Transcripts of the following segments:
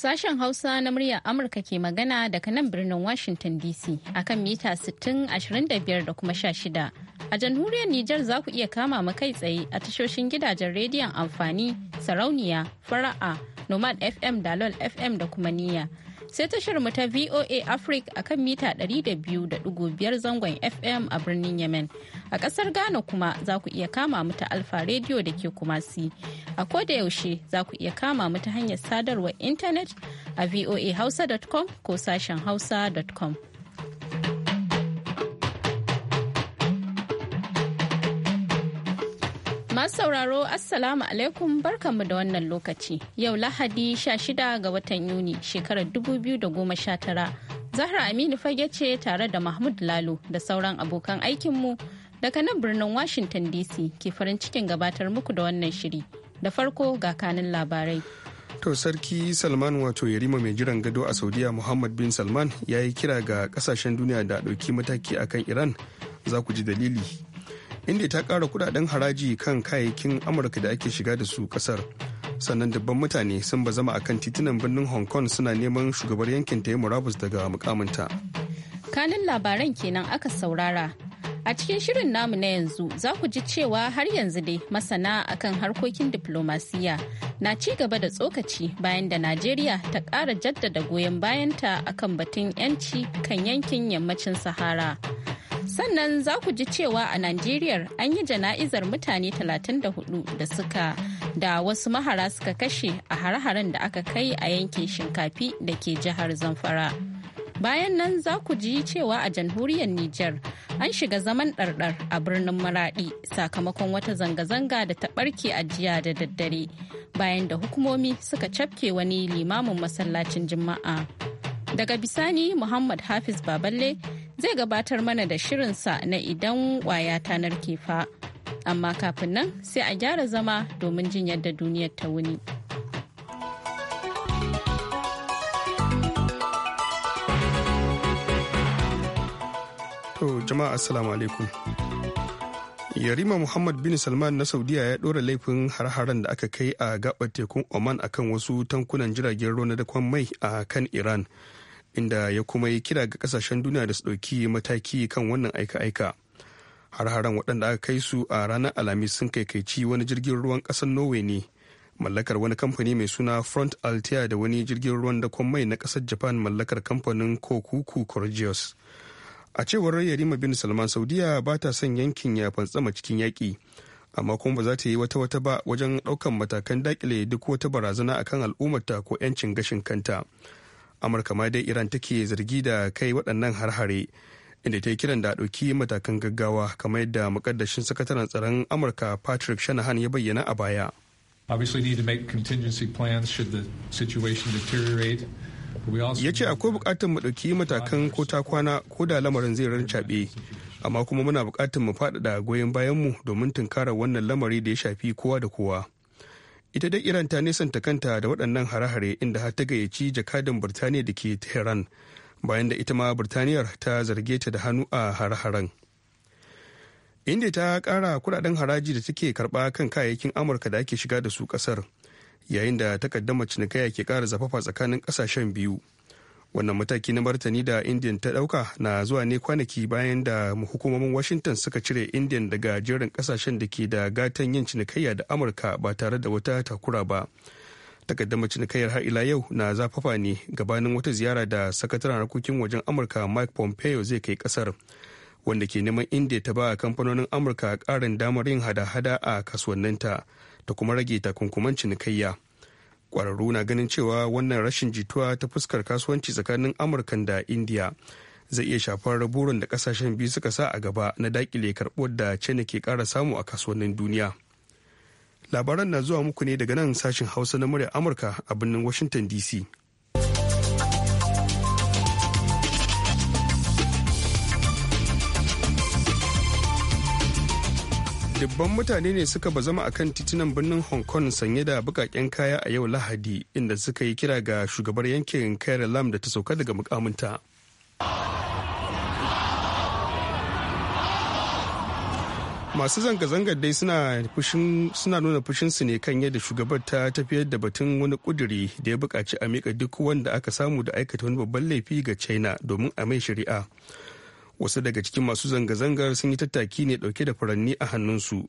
Sashen Hausa na muryar Amurka ke magana daga nan birnin Washington DC akan mita 6025 da kuma 16. A jamhuriyar Nijar za ku iya kama mu kai tsaye a tashoshin gidajen rediyon amfani, sarauniya, fara'a, Nomad FM, da lol FM da kuma niyya. sai tashar mu ta voa africa akan mita 200.5 zangon fm a birnin yemen a kasar ghana kuma za ku iya kama mu ta alfa radio da ke kuma si a koda yaushe za ku iya kama mu ta hanyar sadarwar intanet a voahausa.com ko sashen hausa.com Masu sauraro Assalamu alaikum barkanmu da wannan lokaci. Yau Lahadi 16 ga watan Yuni shekarar 2019. Zahra Aminu fage ce tare da Mahmud Lalo da sauran abokan aikinmu daga nan birnin Washington DC ke farin cikin gabatar muku da wannan shiri. Da farko ga kanin labarai. To sarki Salman wato yarima mai jiran gado a Saudiya Muhammad bin Salman ya yi kira ga kasashen duniya da ɗauki mataki akan Iran za ku ji dalili inda ta ƙara kudaden haraji kan kayayyakin amurka da ake shiga da su ƙasar sannan dubban mutane sun ba zama akan titunan birnin hong kong suna neman shugabar yankin ta yi murabus daga mukaminta kanin labaran kenan aka saurara A cikin shirin namu na yanzu za ku ji cewa har yanzu dai masana akan harkokin diplomasiya na ci gaba da tsokaci bayan da Najeriya ta ƙara jaddada goyon bayanta akan batun 'yanci kan yankin yammacin Sahara. Sannan za ku ji cewa a Najeriya an yi jana'izar mutane 34 da suka da wasu mahara suka kashe a har haren da aka kai a yankin shinkafi da ke jihar Zamfara. Bayan nan za ku ji cewa a jamhuriyar Nijar an shiga zaman ɗarɗar a birnin Maraɗi sakamakon wata zanga-zanga da ta ɓarke a jiya da daddare bayan da hukumomi suka cafke wani limamin masallacin Juma'a. Daga bisani Muhammad Hafiz Baballe zai gabatar mana da shirinsa na idan waya ta narke fa. Amma kafin nan sai a gyara zama domin jin yadda duniyar ta wuni. To jama'a assalamu alaikum. Yarima Muhammad bin Salman na Saudiya ya dora laifin har-haren da aka kai a gabar tekun Oman akan wasu tankunan jiragen ruwa na dakon mai a kan Iran. inda ya kuma yi kira ga kasashen duniya da su ɗauki mataki kan wannan aika-aika har-haren waɗanda aka kai su a ranar alhamis sun kaikaici wani jirgin ruwan ƙasar norway ne mallakar wani kamfani mai suna front altea da wani jirgin ruwan dakon mai na ƙasar japan mallakar kamfanin kokuku corrigios a cewar yarima bin salman saudiya ba ta son yankin ya fantsama cikin yaƙi amma kuma ba za ta yi wata wata ba wajen ɗaukan matakan dakile duk wata barazana akan al'ummarta ko 'yancin gashin kanta amurka ma dai iran take zargi da kai waɗannan har-hare inda ta yi kiran da ɗauki matakan gaggawa kamar yadda makaddashin sakataren tsaron amurka patrick shanahan ya bayyana a baya ya ce akwai bukatar mu ɗauki matakan ko ta kwana ko da lamarin zai rancaɓe amma kuma muna bukatar mu faɗaɗa goyon bayanmu domin tunkarar wannan lamari da ya shafi kowa da kowa. ita dai iran ta ta kanta da waɗannan hare-hare inda har ta gayyaci jakadan birtaniya da ke tehran bayan da ita ma birtaniyar ta zarge ta da hannu a hare-haren inda ta kara kudaden haraji da take karba kan kayayyakin amurka da ake shiga da su kasar yayin da takaddama cinikaya ke kara zafafa tsakanin kasashen biyu wannan mataki na martani da indian ta dauka na zuwa ne kwanaki bayan da hukumomin washington suka cire indian daga jerin kasashen da ke da gatan yin cinikayya da amurka ba tare da wata takura ba takaddama cinikayyar har ila yau na zafafa ne gabanin wata ziyara da sakataren harkokin wajen amurka mike pompeo zai kai kasar wanda ke neman india ta ba kamfanonin amurka karin damar yin hada-hada a kasuwanninta ta kuma rage takunkuman cinikayya kwararru na ganin cewa wannan rashin jituwa ta fuskar kasuwanci tsakanin amurka da indiya zai iya shafar burin da kasashen biyu suka sa a gaba na dakile karɓuwar da china ke ƙara samu a kasuwannin duniya labaran na zuwa muku ne daga nan sashin hausa na murya amurka a birnin washington dc dubban mutane ne suka bazama akan titunan birnin hong kong sanye da bukaken kaya a yau lahadi inda suka yi kira ga shugabar yankin kaira lam da ta sauka daga mukaminta masu zanga-zangar dai suna nuna fushin su ne kan yadda shugabar ta tafiyar da batun wani kuduri da ya bukaci a mika duk wanda aka samu da aikata wani babban laifi ga china domin a mai shari'a wasu daga cikin masu zanga-zangar sun yi tattaki ne dauke da furanni a hannunsu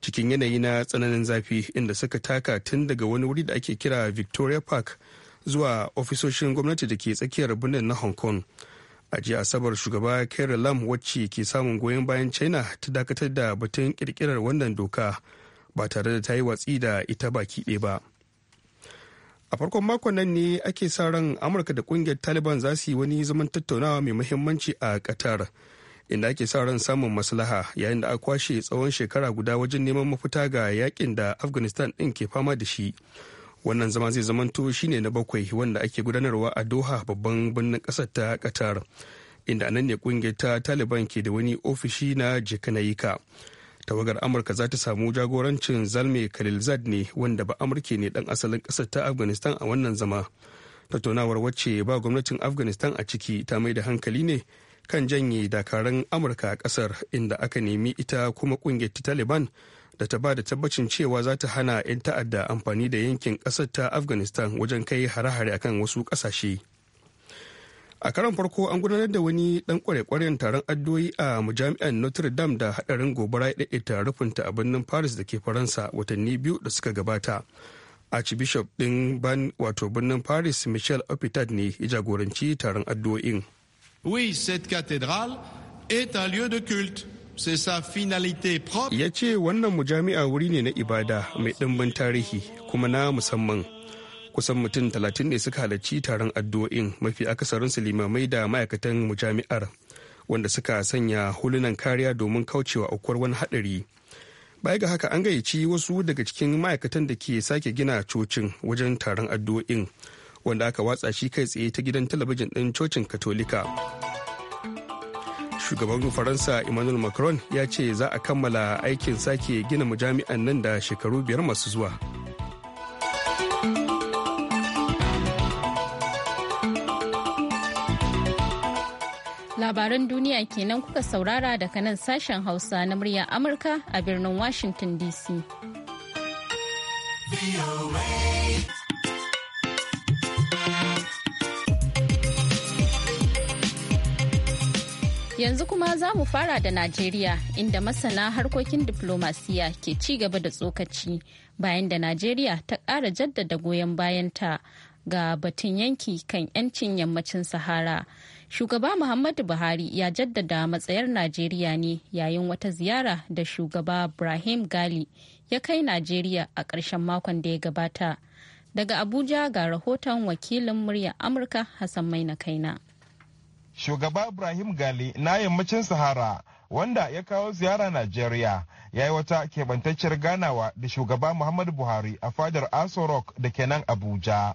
cikin yanayi na tsananin zafi inda suka taka tun daga wani wuri da ake kira victoria park zuwa ofisoshin gwamnati da ke tsakiyar birnin na hong kong a jiya asabar shugaba carrie lam wacce ke samun goyon bayan china ta dakatar da batun kirkirar wannan doka ba tare da ta yi watsi da ita baki ɗaya ba. a farkon makon nan ne ake sa ran amurka da kungiyar taliban za su yi wani zaman tattaunawa mai muhimmanci a qatar inda ake sa ran samun maslaha yayin da a kwashe tsawon shekara guda wajen neman mafita ga yakin da afghanistan din ke fama da shi wannan zama zai zamanto shine na bakwai wanda ake gudanarwa a doha babban birnin kasar ta qatar inda nan ne kungiyar ta taliban ke da wani ofishi na jikanayika tawagar amurka za ta samu jagorancin zalme khalilzad ne wanda ba amurke ne dan asalin kasar ta afghanistan a wannan zama tattaunawar wacce ba gwamnatin afghanistan a ciki ta mai da hankali ne kan janye dakarun amurka a kasar inda aka nemi ita kuma kungiyar taliban da ta ba da tabbacin cewa za ta hana 'yan ta'adda amfani da yankin kasar ta afghanistan wajen kai hare-hare akan wasu kasashe. a karon farko an gudanar da wani dan kware taron addu'o'i a majami'ar notre dame da hadarin gobara ya daidaita rufinta a birnin paris da ke faransa watanni biyu da suka gabata archbishop din ban wato birnin paris michel opitat ne ya jagoranci taron addoyin oui cette cathédrale est un lieu de culte ya ce wannan mujami'a wuri ne na ibada mai dimbin tarihi kuma na musamman kusan mutum talatin ne suka halarci taron addu'o'in mafi akasarin su limamai da ma'aikatan mujami'ar wanda suka sanya hulunan kariya domin kaucewa aukuwar wani haɗari baya ga haka an gayyaci wasu daga cikin ma'aikatan da ke sake gina cocin wajen taron addu'o'in wanda aka watsa shi kai tsaye ta gidan talabijin ɗin cocin katolika shugaban faransa emmanuel macron ya ce za a kammala aikin sake gina majami'an nan da shekaru biyar masu zuwa Labaran duniya kenan kuka saurara daga nan sashen Hausa na murya Amurka a birnin Washington DC. Yanzu kuma za mu fara da Najeriya inda masana harkokin diplomasiya ke ci gaba da tsokaci bayan da Najeriya ta ƙara jaddada goyon bayanta ga batun yanki kan 'yancin yammacin Sahara shugaba muhammadu buhari ya jaddada matsayar najeriya ne yayin wata ziyara da shugaba ibrahim gali ya kai najeriya a ƙarshen makon da ya gabata daga abuja ga rahoton wakilin murya amurka hassan na kaina shugaba ibrahim gali na yammacin sahara wanda ya kawo ziyara najeriya ya yi wata keɓantacciyar ganawa da shugaba muhammadu buhari a fadar aso rock da kenan abuja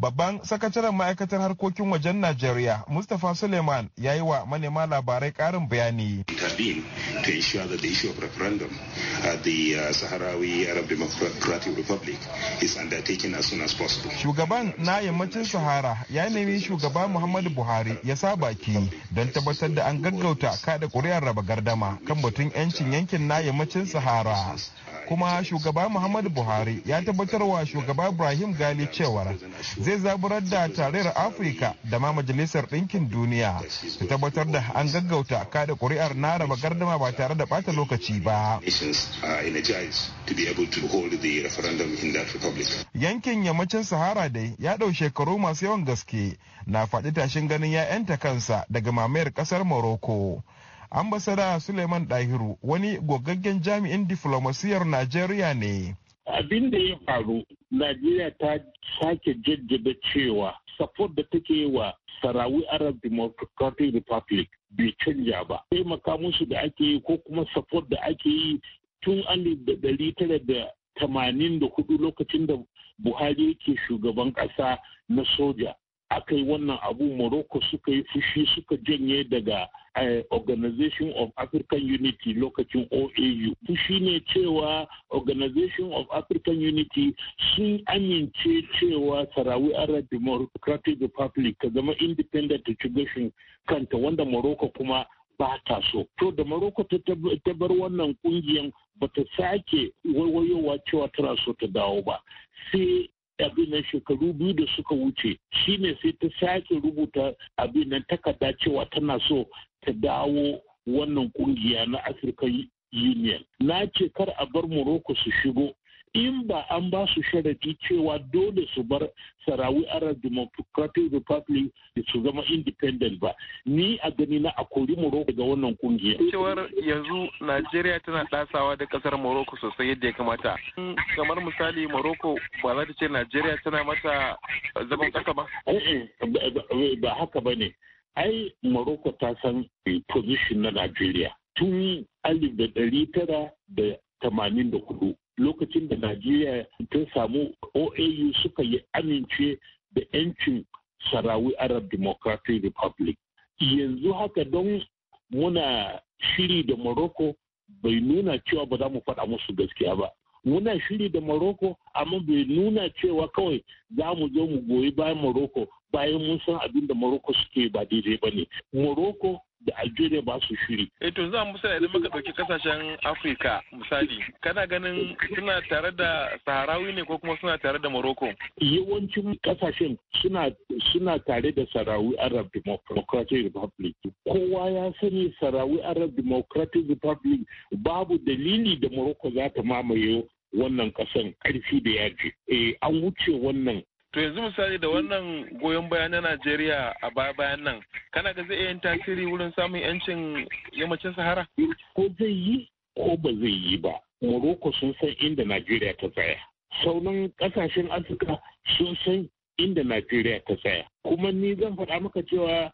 Babban sakataren ma'aikatar harkokin wajen Najeriya, Mustapha Suleiman, ya yi wa manema labarai ƙarin bayani. Uh, Shugaban na yammacin Sahara ya nemi shugaba Muhammadu Buhari ya sa baki don tabbatar da an gaggauta kada ƙuri'ar raba gardama kan batun 'yancin yankin na yammacin Sahara. kuma shugaba muhammadu buhari ya tabbatarwa shugaba ibrahim gali cewar zai zaburar da tarayyar afirka da ma majalisar ɗinkin duniya ta tabbatar da an gaggauta kada kuri'ar na raba gardama ba tare da bata lokaci ba yankin yammacin sahara dai ya ɗau shekaru masu yawan gaske na faɗi tashin ganin 'ya'yanta kansa daga mamayar ƙasar morocco ambasada suleiman dahiru wani gogaggen jami'in diflomasiyar najeriya ne abin da ya faru najeriya ta sake jaddada cewa support da take wa sarawi arab democratic republic bai canja ba taimaka musu da ake yi ko kuma support da ake yi tun tamanin da hudu lokacin da buhari yake shugaban ƙasa na soja aka yi wannan abu morocco suka yi fushi suka janye daga eh, organization of african unity lokacin oau fushi ne cewa organization of african unity sun amince cewa sarawi arab democratic republic ta zama independent ta gashin kanta wanda morocco kuma ba ta so. To da morocco ta bar wannan kungiyan ba ta sake waiwayowa cewa tana so ta dawo ba. Sai abin na shekaru biyu da suka wuce shine sai ta sake rubuta abin nan takarda cewa tana so ta dawo wannan kungiya na African Union. Na ce kar a bar Morocco su shigo in ba an ba su sharadi cewa dole su bar sarawi arab democratic republic da su zama independent ba ni a gani na a kori morocco daga wannan kungiya cewar yanzu najeriya tana dasawa da kasar morocco sosai yadda ya kamata kamar misali morocco ba za ta ce najeriya tana mata zaman kasa ba eh, eh, ba haka ba ne ai morocco ta san position na najeriya tun alif da ɗari tara da tamanin da hudu lokacin da najeriya ta samu oau suka yi amince da 'yancin sarawi arab democratic republic yanzu haka don muna shiri da morocco bai nuna cewa ba za mu faɗa musu gaskiya ba muna shiri da morocco amma bai nuna cewa kawai za mu zo mu goyi bayan morocco bayan mun san abin da morocco suke ba daidai ba ne morocco da Algeria ba su shiri. Eh to za mu sai idan muka ɗauki kasashen Afrika, misali kana ganin suna tare da Saharawi ne ko kuma suna tare da Morocco? Yawancin kasashen suna suna tare da Sahrawi Arab Democratic Republic. Kowa ya sani sarawi Arab Democratic Republic babu dalili da Morocco za ta mamaye wannan kasan karfi da yaji. Eh an wuce wannan To yanzu misali da wannan goyon baya na Najeriya a baya bayan nan, kana ga zai yin tasiri wurin samun yancin yammacin Sahara? Ko zai yi ko ba zai yi ba. Morocco sun san inda Najeriya ta tsaya. Sauran kasashen Afirka sun san inda Najeriya ta tsaya. Kuma ni zan faɗa maka cewa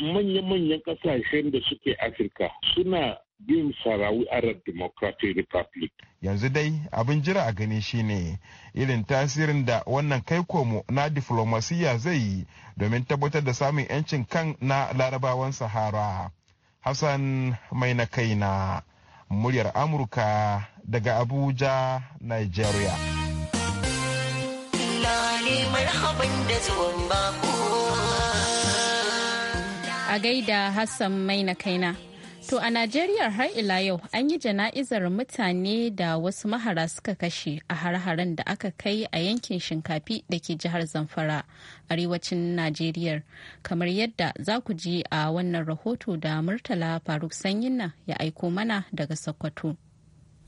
manya-manyan kasashen da suke Afirka suna bin sarawi arab democratic republic yanzu dai abin jira a gani shine irin tasirin da wannan kai komo na diflomasiyya zai yi domin tabbatar da samun yancin kan na larabawan sahara hassan mai na kaina muryar amurka daga abuja nigeria a gaida hassan mai na kaina To a Najeriya har ila yau an yi jana'izar mutane da wasu mahara suka kashe a har-haren da aka kai a yankin shinkafi da ke jihar Zamfara, arewacin Najeriya, kamar yadda za ku ji a wannan rahoto da Murtala Faruk sanyin nan ya aiko mana daga Sokoto.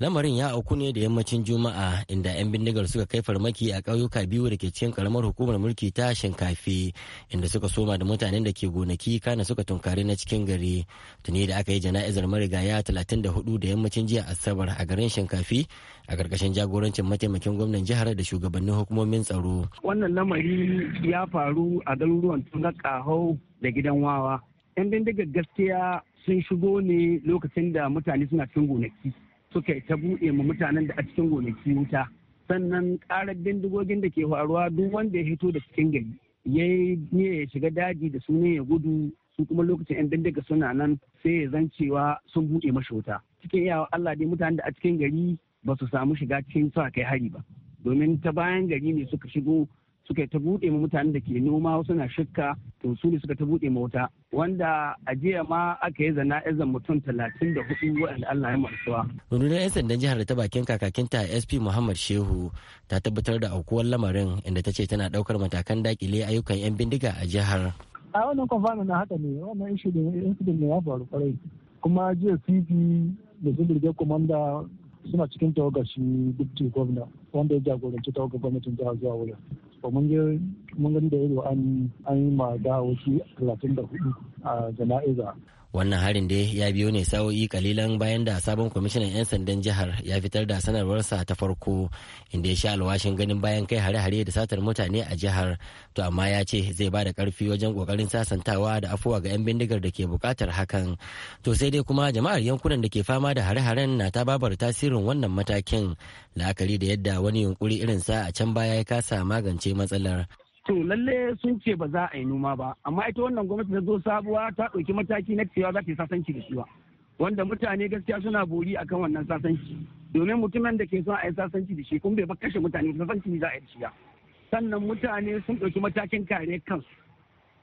lamarin ya auku ne da yammacin juma'a inda 'yan bindigar suka kai farmaki a ƙauyuka biyu da ke cikin karamar hukumar mulki ta shinkafi inda suka soma da mutanen da ke gonaki kana suka tunkari na cikin gari tuni da aka yi jana'izar marigaya 34 da yammacin jiya asabar a garin shinkafi a ƙarƙashin jagorancin mataimakin gwamnan jihar da shugabannin hukumomin tsaro wannan lamari ya faru a garuruwan tunga kahau da gidan wawa 'yan bindigar gaskiya sun shigo ne lokacin da mutane suna cikin gonaki suka ta buɗe ma mutanen da a cikin gonaki wuta sannan karar bindigogin da ke faruwa duk wanda ya hito da cikin gari ya ne ya shiga daji da sunan ya gudu su kuma lokacin yan bindiga suna nan sai ya zancewa sun buɗe mashi wuta cikin iyawa Allah dai mutanen da a cikin gari ba su samu shiga cikin sa kai hari ba domin ta bayan gari ne suka shigo suka ta buɗe ma mutanen da ke noma wasu na shakka to su ne suka ta buɗe ma wuta wanda a jiya ma aka yi zana izan mutum talatin da hudu waɗanda Allah ya marsuwa. Rundunar 'yan sandan jihar ta bakin kakakinta SP Muhammad Shehu ta tabbatar da aukuwar lamarin inda ta ce tana daukar matakan dakile ayyukan 'yan bindiga a jihar. A wannan kwamfanin na haka ne wannan ishu da incident ne ya faru kwarai kuma jiya CP da zubirge komanda suna cikin tawagar shi duk gwamna wanda ya jagoranci tawagar gwamnatin jihar zuwa wuri. to mun je mun da yadda an yi ma gawaci 34 a jana'iza wannan harin dai ya biyo ne sa'o'i kalilan bayan da sabon kwamishinan 'yan sandan jihar ya fitar da sanarwarsa ta farko inda ya sha alwashin ganin bayan kai hare-hare da satar mutane a jihar to amma ya ce zai ba da karfi wajen kokarin sasantawa da afuwa ga 'yan bindigar da ke bukatar hakan to sai dai kuma jama'ar yankunan da ke fama da hare-haren na ta babar tasirin wannan matakin la'akari da yadda wani yunkuri irin sa a can baya ya kasa magance matsalar to lalle sun ce ba za a yi noma ba amma ita wannan gwamnati ta zo sabuwa ta ɗauki mataki na cewa za ta yi sasanci da shiwa wanda mutane gaskiya suna bori akan wannan sasanci domin mutumin da ke son a yi sasanci da shi kun bai kashe mutane sasanci za a yi shiya sannan mutane sun ɗauki matakin kare kansu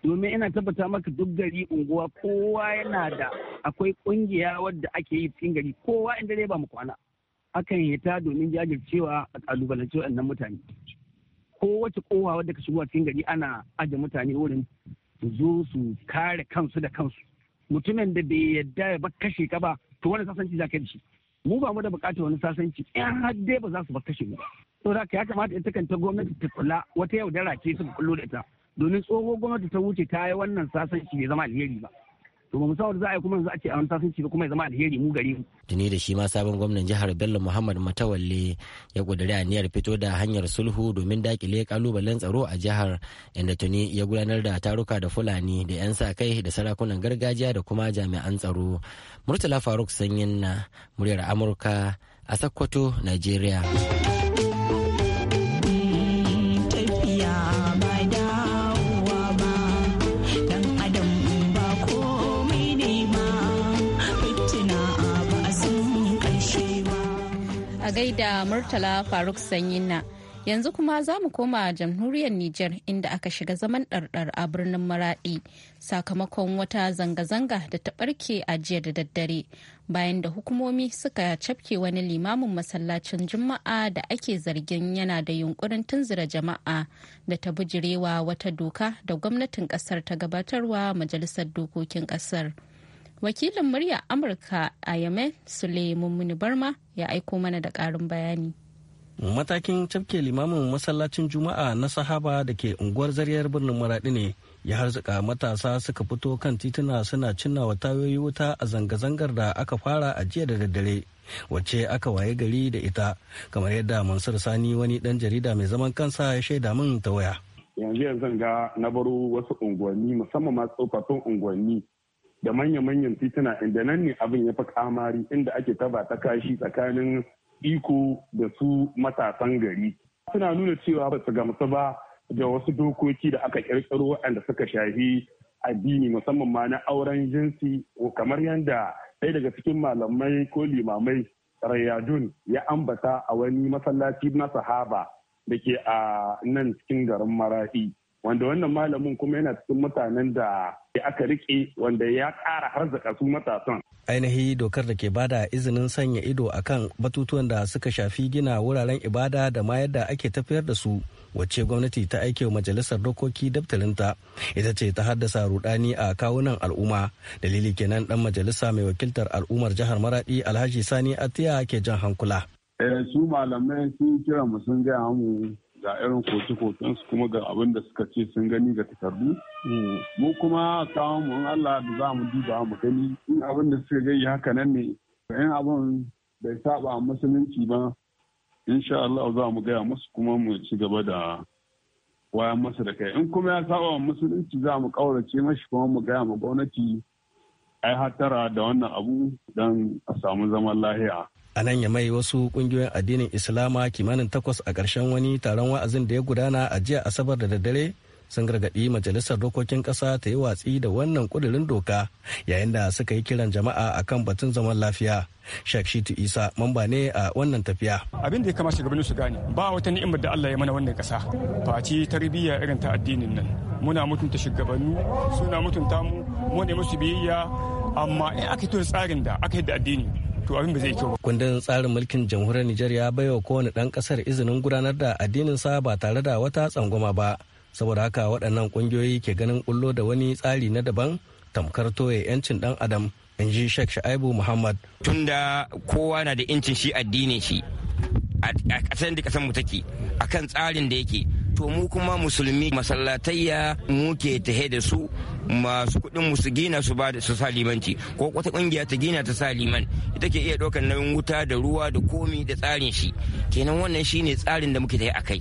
domin ina tabbata maka duk gari unguwa kowa yana da akwai kungiya wadda ake yi cikin gari kowa inda dai ba mu kwana akan yi hita domin jajircewa a kalubalance waɗannan mutane kowace kowa wadda ka shigo a cikin gari ana aje mutane wurin su zo su kare kansu da kansu mutumin da bai yadda ya kashe ka ba to wani sasanci za ka da shi mu ba mu da bukatar wani sasanci yan har dai ba za su kashe mu to ka ya kamata ita kanta gwamnati ta kula wata yaudara ce su kullo da ita domin tsohon gwamnati ta wuce ta yi wannan sasanci bai zama alheri ba to ba musawar za a yi kuma za a ce a wani sasanci ba kuma ya zama alheri mu gare mu. tuni da shi ma sabon gwamnan jihar bello muhammad matawalle ya a aniyar fito da hanyar sulhu domin dakile kalubalen tsaro a jihar inda tuni ya gudanar da taruka da fulani da yan sa kai da sarakunan gargajiya da kuma jami'an tsaro murtala faruk sanyin na muryar amurka a sakkwato nigeria. gaida Murtala Faruk Sanyinna. Yanzu kuma za mu koma jamhuriyar Nijar inda aka shiga zaman ɗarɗar a birnin Maraɗi sakamakon wata zanga-zanga da ta ɓarke a jiya da daddare bayan da hukumomi suka cafke wani limamin masallacin Juma'a da ake zargin yana da yunkurin tunzura jama'a da ta bijirewa wata doka da gwamnatin ƙasar ta gabatarwa majalisar dokokin ƙasar. wakilin murya amurka a yemen suleiman barma ya aiko mana da karin bayani matakin cafke limamin masallacin juma'a na sahaba da ke unguwar zariyar birnin maradi ne ya harzuka matasa suka fito kan tituna suna cinna wa tayoyi wuta a zanga-zangar da aka fara a jiya da daddare wacce aka waye gari da ita kamar yadda mansur sani wani dan jarida mai zaman kansa ya shaida min ta waya yanzu yanzu ga na baro wasu unguwanni musamman ma tsofaffin unguwanni da manya-manyan tituna inda nan ne abin ya fi kamari inda ake taba ta kashi tsakanin iko da su matasan gari suna nuna cewa ba su gamsu ba da wasu dokoki da aka kirkiro waɗanda suka shafi addini musamman ma na auren jinsi kamar yadda ɗaya daga cikin malamai ko limamai rayadun ya ambata a wani masallaci na sahaba da ke a nan cikin garin maraɗi wanda wannan malamin kuma yana cikin mutanen da aka riƙe wanda ya ƙara harzaka su matasan. Ainihi dokar da ke bada izinin sanya ido akan batutuwan da suka shafi gina wuraren ibada da ma yadda ake tafiyar da su wacce gwamnati ta aikewa majalisar dokoki daftarinta ita ce ta haddasa rudani a kawunan al'umma dalili kenan dan majalisa mai wakiltar al'ummar jihar maradi alhaji sani atiya ke jan hankula. Eh, su malamai sun kira mu sun gaya mu ga irin koke su kuma ga abin da suka ce sun gani ga takardu mu kuma kawo mu Allah da za mu duba mu gani in abin da suka gani haka nan ne in abin bai saba musulunci ba insha Allah za mu gaya musu kuma mu ci gaba da wayan masa da kai in kuma ya saba musulunci za mu kaurace mashi kuma mu gaya ma gwamnati ai hatara da wannan abu don a samu zaman lahiya a nan ya mai wasu kungiyoyin addinin islama kimanin takwas a ƙarshen wani taron wa'azin da ya gudana a jiya asabar da daddare sun gargaɗi majalisar dokokin ƙasa ta yi watsi da wannan ƙudurin doka yayin da suka yi kiran jama'a akan batun zaman lafiya shitu isa mamba ne a wannan tafiya abin da ya kama shugabanni su gane ba wata ni'imar da allah ya mana wannan ƙasa Faci tarbiyya irin ta addinin nan muna mutunta shugabanni suna mutunta mu mu ne musu biyayya amma in aka yi tsarin da aka yi da addini to abin ba zai kyau ba. Kundin tsarin mulkin jamhuriyar Nijar ya baiwa kowane ɗan ƙasar izinin gudanar da addinin sa ba tare da wata tsangwama ba. Saboda haka waɗannan ƙungiyoyi ke ganin ƙullo da wani tsari na daban tamkar toye 'yancin ɗan adam in ji Sheikh Sha'ibu Muhammad. Tunda kowa na da 'yancin shi addinin shi a ƙasar da ƙasar mu take kan tsarin da yake to mu kuma musulmi masallatayya ke tahe da su masu kudin mu gina su ba su sa limanci ko wata kungiya ta gina ta sa liman ita ke iya ɗaukar nauyin wuta da ruwa da komi da tsarin shi kenan wannan shine tsarin da muke tahe a kai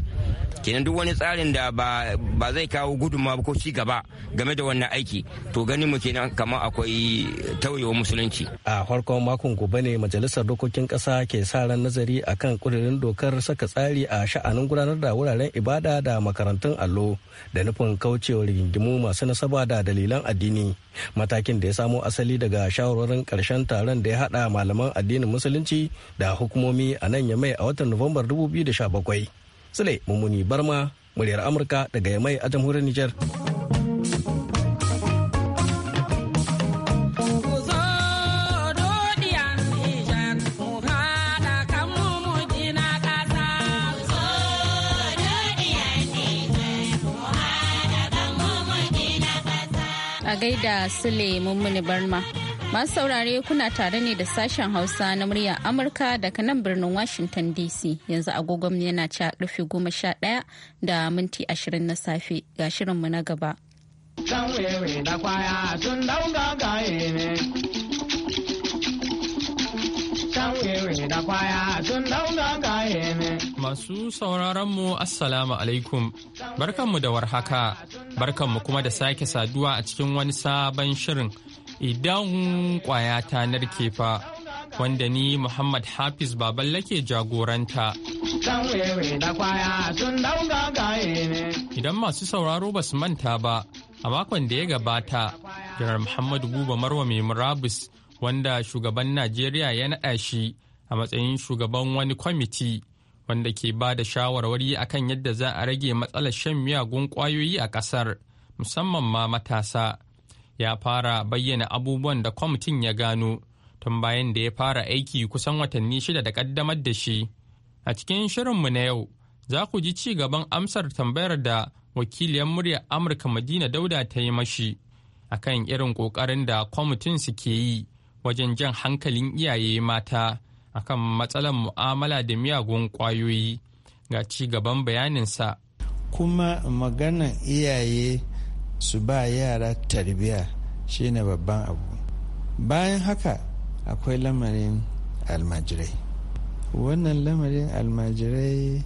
kenan duk wani tsarin da ba zai kawo gudunmawa ko ci gaba game da wannan aiki to gani mu kenan kamar akwai tauyewa musulunci a farkon makon gobe ne majalisar dokokin kasa ke sa ran nazari akan kudirin dokar saka tsari a sha'anin gudanar da wuraren ibada da makarantun allo da nufin kaucewa rigingimu masu nasaba da dalilan addini matakin da ya samo asali daga shawarwarin karshen taron da ya hada malaman addinin musulunci da hukumomi a nan ya mai a watan nuwambar 2017 Sule Mummuni Barma, muryar Amurka daga Yamai a jamhuriyar Nijar. gaida Sule Mummuni Barma. Masu saurare kuna tare ne da sashen Hausa na murya Amurka daga nan birnin Washington DC yanzu agogon yana ca rufe goma sha ɗaya da minti ashirin na safe ga shirinmu na gaba. Masu sauraronmu Assalamu alaikum, barkanmu da warhaka, barkanmu kuma da sake saduwa a cikin wani sabon shirin idan kwaya ta narke fa wanda ni Muhammad Hafiz baballe ke jagoranta. Idan masu sauraro ba su manta ba, a makon da ya gabata, Janar Muhammadu Buba Marwa mai murabus wanda shugaban Najeriya ya naɗa shi a matsayin shugaban wani kwamiti wanda ke ba da shawarwari akan yadda za a rage matsalar shan miyagun ƙwayoyi a ƙasar, musamman ma matasa. ya fara bayyana abubuwan da kwamitin ya gano tun bayan da ya fara aiki kusan watanni shida da kaddamar da shi. A cikin shirinmu na yau, za ku ji ci gaban amsar tambayar da wakiliyar muryar Amurka Madina Dauda ta yi mashi kan irin ƙoƙarin da kwamitin suke yi wajen jan hankalin iyaye mata a kan matsalar mu'amala da miyagun ƙwayoyi ga ci gaban bayaninsa. Kuma maganan iyaye su ba yara tarbiya shine babban abu bayan haka akwai lamarin almajirai wannan lamarin almajirai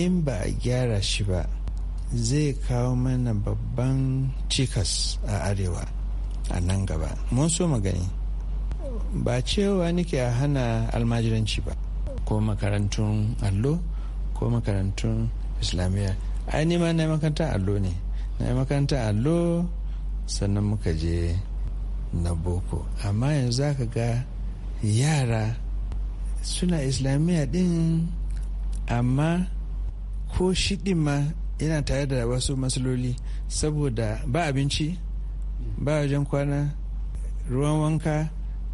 in ba a gyara shi ba zai kawo mana babban cikas a arewa a nan gaba mun so magani ba cewa nake a hana almajiranci ba ko makarantun allo ko makarantun islamiyya ainihin ma na makarantar allo ne na makaranta allo sannan muka je na boko amma yanzu za ka ga yara suna islamiyya din amma ko shiɗin ma yana tare da wasu matsaloli saboda ba abinci ba wajen kwana ruwan wanka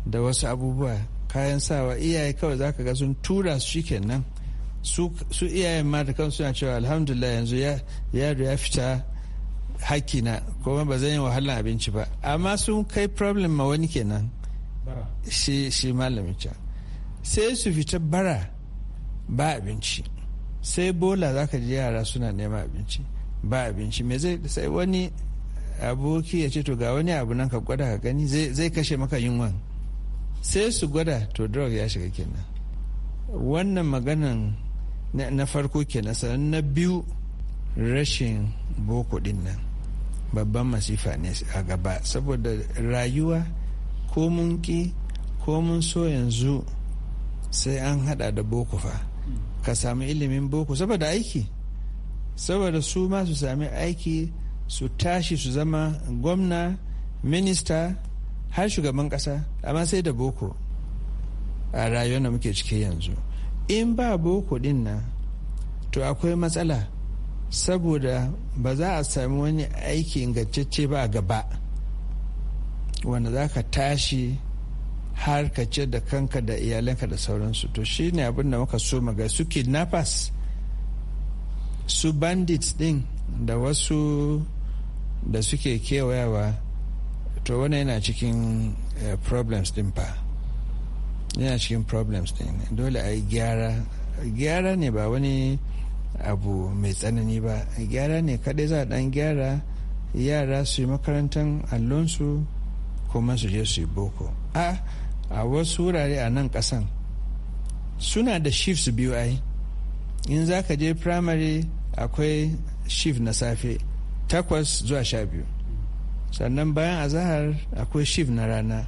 da wasu abubuwa kayan sawa iyaye kawai za ka ga sun tura su shikenan su iyayen ma da suna cewa alhamdulillah yanzu yaro ya fita hakina kuma ba zan yi wahalan abinci ba amma sun kai problem ma wani kenan shi shi malamin can sai su fita bara ba abinci sai bola za ka ji yara suna neman abinci ba abinci me zai sai wani aboki ya ce to ga wani abu nan ka gwada ka gani zai kashe maka yunwan sai su gwada to drug ya shiga kenan wannan maganan na farko kenan sannan na biyu rashin boko din babban masifa ne a gaba saboda rayuwa ko mun ki ko mun so yanzu sai an hada da boko fa ka sami ilimin boko saboda aiki saboda su ma su sami aiki su tashi su zama gwamna minista har shugaban kasa amma sai da boko a rayuwar da muke ciki yanzu in ba boko din nan to akwai matsala saboda ba za a sami wani aiki ingantacce ba gaba wanda za ka tashi har ka ce da kanka da iyalanka da sauransu to shi ne abin da muka so ga su kidnappers su bandits din da wasu da suke kewayawa to wani yana cikin eh, problems din fa yana cikin problems din dole a yi gyara gyara ne ba wani abu mai tsanani ba gyara ne kadai za a dan gyara yara su yi makarantar allonsu kuma su je su yi boko a a wasu wurare a nan kasan suna da shifts biyu ai in za ka je primary akwai shift na safe takwas zuwa sha biyu sannan bayan azahar akwai shift na rana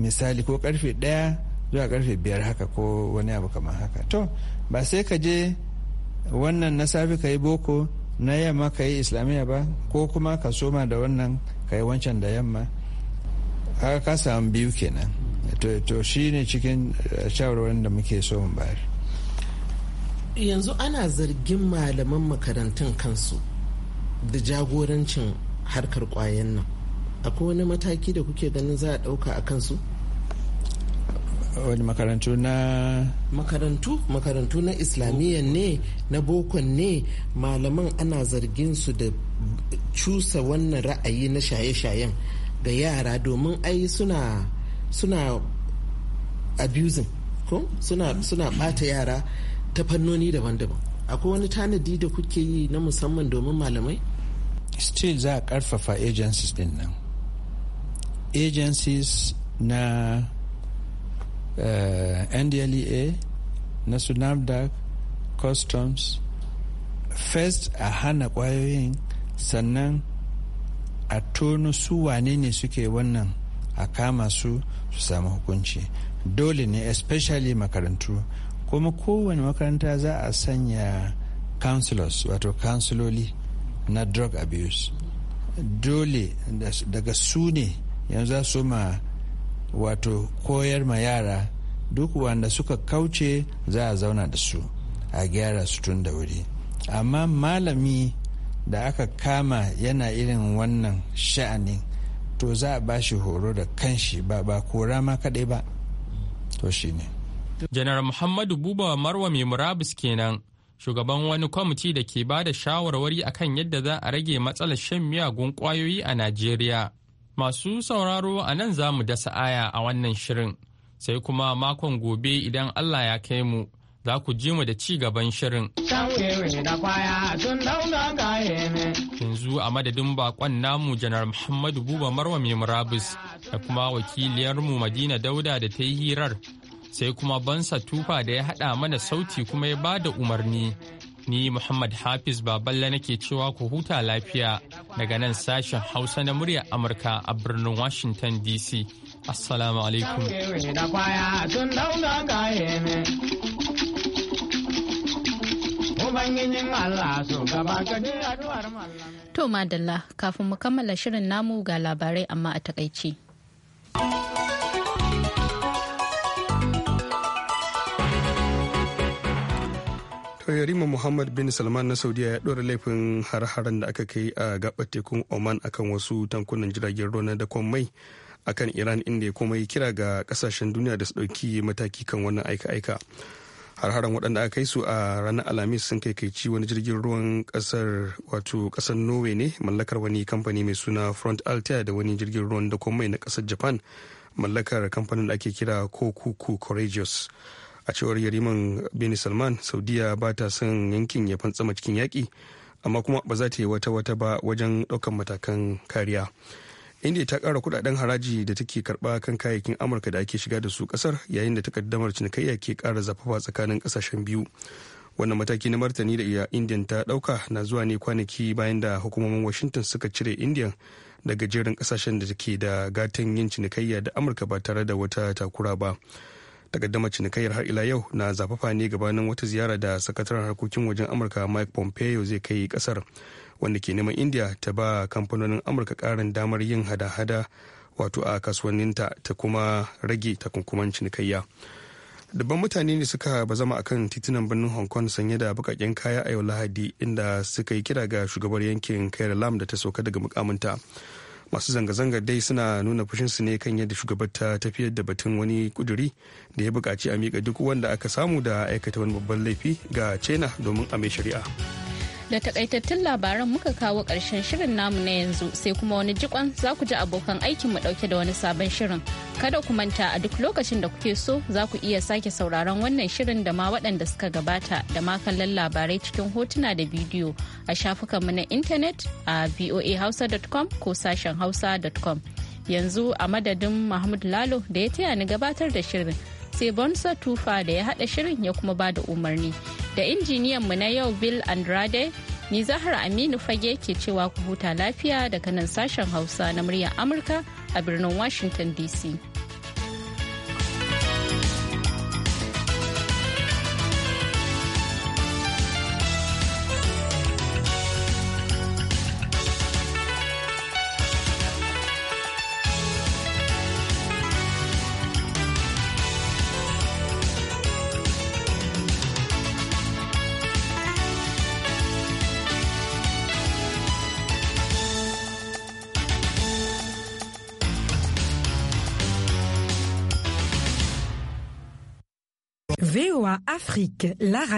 misali ko karfe daya zuwa karfe biyar haka ko wani abu kamar haka to ba sai ka je wannan na safe ka yi boko na yamma ka yi islamiyya ba ko kuma ka soma da wannan ka yi wancan da yamma aka ka samu biyu kenan to shi ne cikin eh, shawarwarin da muke so mu bayar yanzu ana zargin malaman makarantun kansu da jagorancin harkar kwayan nan akwai wani mataki da kuke ganin za a ɗauka a kansu wani makarantu na makarantu makarantu na islamiyya ne na bokon ne malaman ana zargin su da cusa wannan ra'ayi na shaye-shayen ga yara domin ai suna suna abusing ko suna suna bata yara ta fannoni daban-daban akwai wani tanadi da kuke yi na musamman domin malamai still za a karfafa agencies din nan agencies na Eh, ndlea na dark customs first a hana kwayoyin sannan a tono su wane ne suke wannan a kama su su samu hukunci dole ne especially makarantu kuma kowane makaranta za a sanya counselors wato kansuloli na drug abuse dole daga su ne yanzu za su ma wato koyar ma yara duk wanda suka kauce za a zauna da su a gyara su tun da wuri amma malami da aka kama yana irin wannan sha'anin to za a ba shi horo da kanshi ba ba kora ma kaɗai ba to shi ne. janar muhammadu buba marwa mai murabus kenan shugaban wani kwamiti da ke ba da shawarwari akan yadda za a rage matsalar shan miyagun kwayoyi a najeriya Masu sauraro a nan za mu dasa aya a wannan shirin, sai kuma makon gobe idan Allah ya kai mu. Za ku ji mu da ci gaban shirin. Yanzu a madadin bakon namu janar Muhammadu Buba Marwa mai murabus da kuma wakiliyarmu Madina Dauda da ta yi hirar sai kuma bansa tufa da ya haɗa mana sauti kuma ya ba da umarni Ni Muhammad Hafiz Baballe nake cewa ku huta lafiya daga nan sashen Hausa na muryar Amurka a birnin Washington DC. Assalamu alaikum. To madalla kafin mu kammala shirin namu ga labarai amma a takaici. to muhammad bin salman na saudiya ya ɗora laifin har-haren da aka kai a gaɓar tekun oman akan wasu tankunan jiragen ruwa na dakon mai akan iran inda ya kuma yi kira ga kasashen duniya da su ɗauki mataki kan wannan aika-aika har-haren waɗanda aka kai su a ranar alhamis sun kai kaici wani jirgin ruwan ƙasar wato ƙasar norway ne mallakar wani kamfani mai suna front altair da wani jirgin ruwan dakon mai na ƙasar japan mallakar kamfanin da ake kira kokuku courageous a cewar yariman bin salman saudiya ba ta son yankin ya fantsama cikin yaƙi amma kuma ba za ta yi wata wata ba wajen ɗaukan matakan kariya india ta ƙara kudaden haraji da take karɓa kan kayayyakin amurka da ake shiga da su ƙasar yayin da takaddamar cinikayya ke ƙara zafafa tsakanin ƙasashen biyu wannan mataki na martani da india ta ɗauka na zuwa ne kwanaki bayan da hukumomin washington suka cire indiya daga jerin ƙasashen da take da gatan yin cinikayya da amurka ba tare da wata takura ba takaddama cinikayyar har ila yau na zafafa ne gabanin wata ziyara da sakataren harkokin wajen amurka mike pompeo zai kai kasar wanda ke neman india ta ba kamfanonin amurka karin damar yin hada-hada wato a kasuwanninta ta kuma rage takunkuman cinikayya dabban mutane ne suka bazama akan titunan birnin hong kong sanye da bakaken kaya a yau lahadi inda suka yi kira ga shugabar yankin kaira lam da ta sauka daga mukaminta masu zanga-zangar dai suna nuna fushin su ne kan yadda shugabar ta tafiyar da batun wani kuduri da ya buƙaci a miƙa duk wanda aka samu da aikata wani babban laifi ga china domin a mai shari'a da takaitattun labaran muka kawo ƙarshen shirin namu na yanzu sai kuma wani jikon za ku ji abokan aikin mu ɗauke da wani sabon shirin kada ku manta a duk lokacin da kuke so za ku iya sake sauraron wannan shirin da ma waɗanda suka gabata da ma kallon labarai cikin hotuna da bidiyo a shafukanmu na intanet a voahausa.com ko sashen hausa.com yanzu a madadin mahmud lalo da ya taya ni gabatar da shirin sai bonsa tufa da ya haɗa shirin ya kuma ba da umarni da injiniyan mu na yau bill andrade ni zahra aminu fage ke cewa ku huta lafiya daga nan sashen hausa na muryar amurka a birnin washington dc la radio.